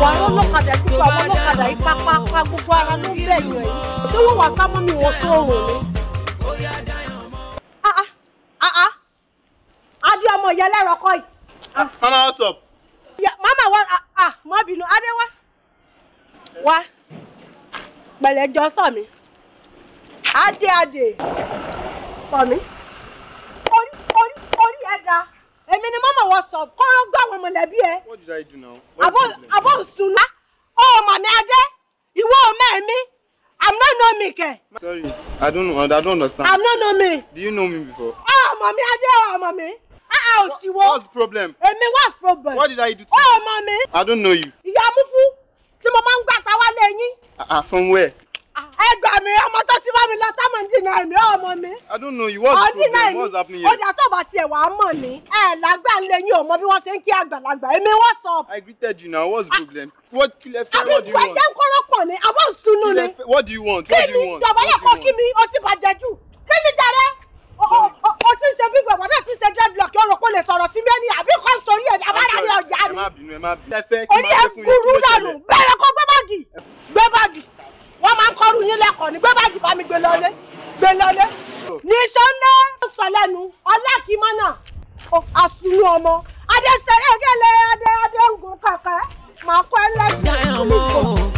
wọ àwọn ọlọ́kadà gbogbo àwọn ọlọ́kadà yìí pápápá gbogbo ara ló ń bẹ̀yìn ẹ̀ tí wọ́n wà sá mọ́ mi wọ́n sóòrùn ni. Ah, ah, ah, adé ọmọ ìyá ẹlẹ́rọ kọ́ yìí. mama what's up. mama wa má bínú adé wá wá pẹ̀lẹ́ jọ sọ mi adé adé sọ mi. sọ kọ́rọ́ gbọ́ àwọn mọ̀lẹ́bí ẹ. what did I do now. àbọ̀ nsúná ọmọ mi adé ìwọ ọmọ mi i'm not know me kẹ. sorry i don't know i don't understand. i'm not know me. do you know me before. ọmọ mi adé ọmọ mi. ah òsìwọ́. what's problem. èmi what's problem. what did I do to you. ọmọ mi. i don't know you. ìyá amúfú tí mo máa ń gbà tá wálé yín. Ah, ah from where. ẹ gbà mí ọmọ tó ti bá mi lọ deny mi ọmọ mi. I don't know you what's the problem what's happening here. ọjà tó bá tiẹ̀ wàá mọ̀ mí ẹ̀ lágbà ń lé yín ò mọ bí wọ́n ṣe ń kí àgbàlagbà èmi what's up. I greeted you now what's the problem. what kí fẹ́ what do you want. àbí fẹ́ jẹ́ kọ́rọ́pọ̀ ni àbọ̀ sunu ni. what do you want what do you want. kí ni dọ̀bálẹ̀ kọ́ kí mi o ti bàjẹ́ jù kí ni jàre o ti ṣe bí gbọ̀gbọ̀ náà ti ṣe dreadlock ọ̀rọ̀ kò lè sọ̀rọ̀ sí mi ẹni àbí kò sórí ẹ̀ abára ni ọ̀yá ni orí ẹ̀ gúrú dànù bẹ́ẹ̀ kó gbé báàgì gbé báàgì wọ́n máa ń kọ́rù yín lẹ́kọ̀ọ́ ni gbé báàgì bá mi gbé lọ́lé gbẹlẹlẹ níṣọ ńlẹ sọlẹnu ọlákìmọnà àsùnú ọmọ adẹsẹrẹ gẹlẹ adé adé kàkà màá kọ ẹ lẹsùn.